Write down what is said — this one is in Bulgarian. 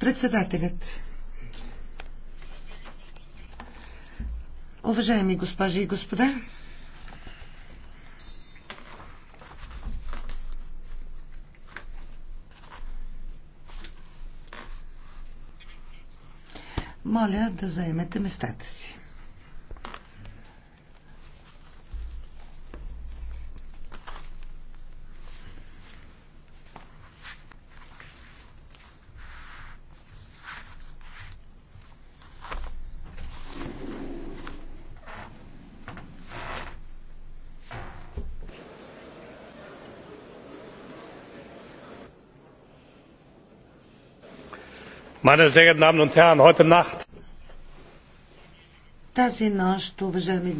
Председателят. Уважаеми госпожи и господа, моля да заемете местата си. Meine sehr geehrten Damen und Herren, heute Nacht. Тази нощ, уважаеми